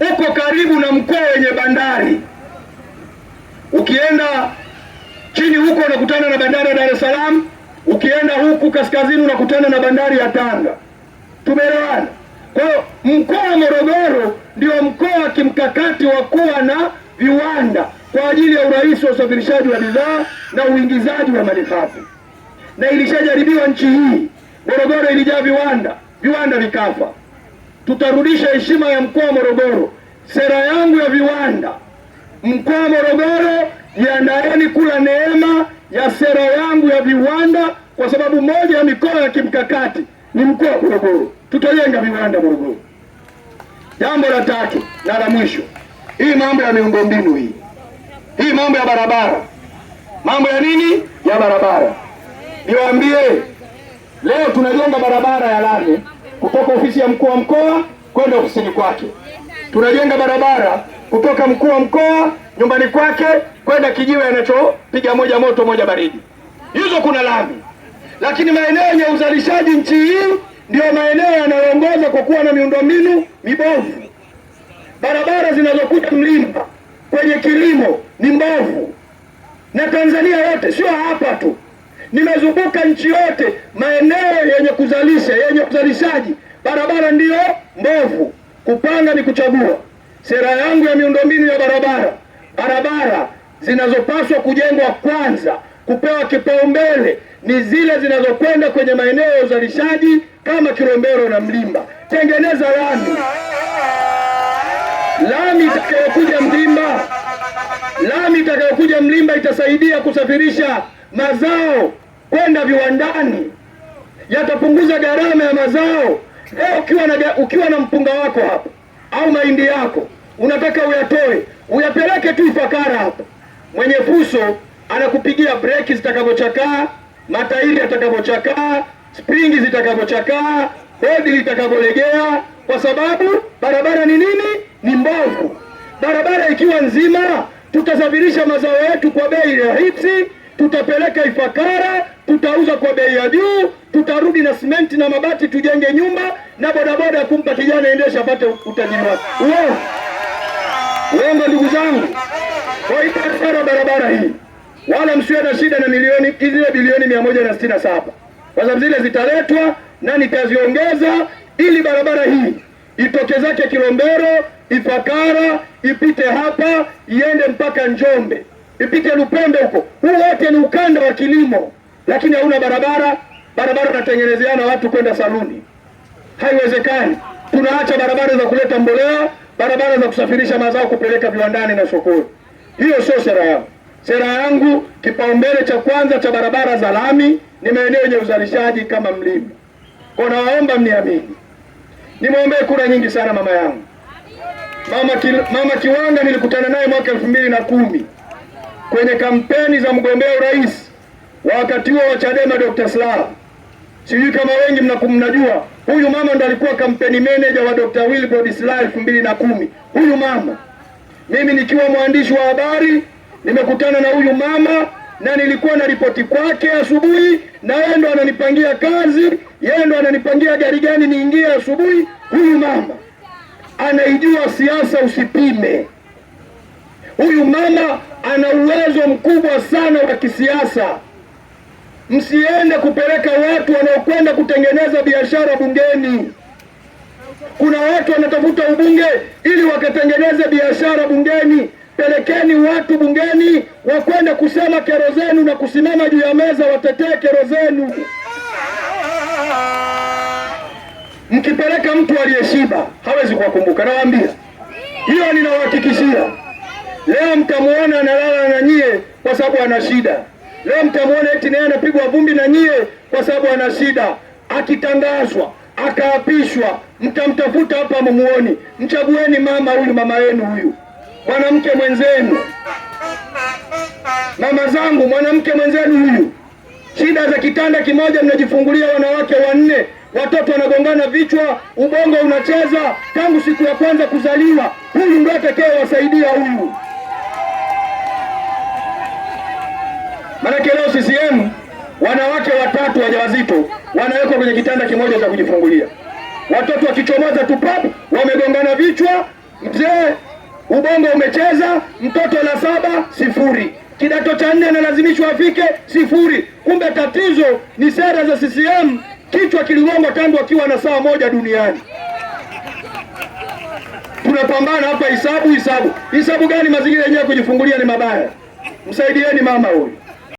uko karibu na mkoa wenye bandari. Ukienda chini huko unakutana na bandari ya Dar es Salaam, ukienda huku kaskazini unakutana na bandari ya Tanga. Tumeelewana? Kwa hiyo mkoa wa Morogoro ndio mkoa wa kimkakati wa kuwa na viwanda kwa ajili ya urahisi wa usafirishaji wa bidhaa na uingizaji wa malighafi, na ilishajaribiwa nchi hii. Morogoro ilijaa viwanda, viwanda vikafa tutarudisha heshima ya mkoa wa Morogoro. Sera yangu ya viwanda, mkoa wa Morogoro, jiandaeni kula neema ya sera yangu ya viwanda, kwa sababu moja ya mikoa ya kimkakati ni mkoa wa Morogoro. Tutajenga viwanda Morogoro. Jambo la tatu na la mwisho, hii mambo ya miundombinu hii hii mambo ya barabara, mambo ya nini ya barabara, niwaambie leo tunajenga barabara ya lami kutoka ofisi ya mkuu wa mkoa kwenda ofisini kwake. Tunajenga barabara kutoka mkuu wa mkoa nyumbani kwake kwenda kijiwe anachopiga moja moto moja baridi. Hizo kuna lami, lakini maeneo yenye uzalishaji nchi hii ndiyo maeneo yanayoongoza kwa kuwa na miundombinu mibovu. Barabara zinazokuja Mlimba kwenye kilimo ni mbovu, na Tanzania yote, sio hapa tu. Nimezunguka nchi yote maeneo yenye kuzalisha yenye uzalishaji, barabara ndiyo mbovu. Kupanga ni kuchagua. Sera yangu ya miundombinu ya barabara, barabara zinazopaswa kujengwa kwanza kupewa kipaumbele ni zile zinazokwenda kwenye maeneo ya uzalishaji kama Kilombero na Mlimba. Tengeneza lami, lami itakayokuja Mlimba, lami itakayokuja Mlimba itasaidia kusafirisha mazao kwenda viwandani, yatapunguza gharama ya mazao. Leo eh, ukiwa na, ukiwa na mpunga wako hapa au mahindi yako unataka uyatoe uyapeleke tu Ifakara hapa, mwenye fuso anakupigia breki zitakavyochakaa, matairi yatakavyochakaa, springi zitakavyochakaa, bodi litakavyolegea, kwa sababu barabara ni nini? Ni mbovu. Barabara ikiwa nzima, tutasafirisha mazao yetu kwa bei rahisi tutapeleka Ifakara, tutauza kwa bei ya juu, tutarudi na simenti na mabati tujenge nyumba na bodaboda kumpa kijana endesha apate utajiri wake. Uongo ndugu zangu, kaitara barabara hii wala msiwe na shida na milioni zile bilioni mia moja na sitini na saba kwa sababu zile zitaletwa na nitaziongeza ili barabara hii itoke zake Kilombero Ifakara ipite hapa iende mpaka Njombe ipite Lupembe huko. Huu wote ni ukanda wa kilimo, lakini hauna barabara. Barabara unatengenezeana watu kwenda saluni, haiwezekani. Tunaacha barabara za kuleta mbolea, barabara za kusafirisha mazao kupeleka viwandani na sokoni. Hiyo sio sera yangu. Sera yangu kipaumbele cha kwanza cha barabara za lami ni maeneo yenye uzalishaji kama mlima. Kwa nawaomba mniamini, nimwombee kura nyingi sana mama yangu, mama, ki, mama Kiwanga. Nilikutana naye mwaka elfu mbili na kumi kwenye kampeni za mgombea urais wa wakati huo wa Chadema Dr. Slaa. Sijui kama wengi mnakumnajua huyu mama ndo alikuwa kampeni manager wa Dr. Wilbrod Slaa elfu mbili na kumi. Huyu mama mimi nikiwa mwandishi wa habari nimekutana na huyu mama na nilikuwa na ripoti kwake asubuhi, na yeye ndo ananipangia kazi, yeye ndo ananipangia gari gani niingie asubuhi. Huyu mama anaijua siasa usipime. Huyu mama ana uwezo mkubwa sana wa kisiasa. Msiende kupeleka watu wanaokwenda kutengeneza biashara bungeni. Kuna watu wanatafuta ubunge ili wakatengeneze biashara bungeni. Pelekeni watu bungeni wakwenda kusema kero zenu na kusimama juu ya meza watetee kero zenu. Mkipeleka mtu aliyeshiba hawezi kuwakumbuka, nawaambia hiyo, ninawahakikishia. Leo mtamwona analala na nyie kwa sababu ana shida. Leo mtamwona eti naye anapigwa vumbi na nyie kwa sababu ana shida. Akitangazwa akaapishwa, mtamtafuta hapa, mumuoni. Mchagueni mama huyu, mama yenu huyu, mwanamke mwenzenu. Mama zangu, mwanamke mwenzenu huyu. Shida za kitanda kimoja mnajifungulia wanawake wanne, watoto wanagongana vichwa, ubongo unacheza tangu siku ya kwanza kuzaliwa. Huyu ndio atakayewasaidia huyu. Maanake leo CCM wanawake watatu wajawazito wanawekwa kwenye kitanda kimoja cha kujifungulia, watoto wakichomoza tu pap, wamegongana vichwa, mzee ubongo umecheza, mtoto na saba sifuri, kidato cha nne analazimishwa afike sifuri. Kumbe tatizo ni sera za CCM, kichwa kiligongwa tangu akiwa na saa moja duniani. Tunapambana hapa, hisabu hisabu hisabu gani? Mazingira yenyewe kujifungulia ni mabaya. Msaidieni mama huyu.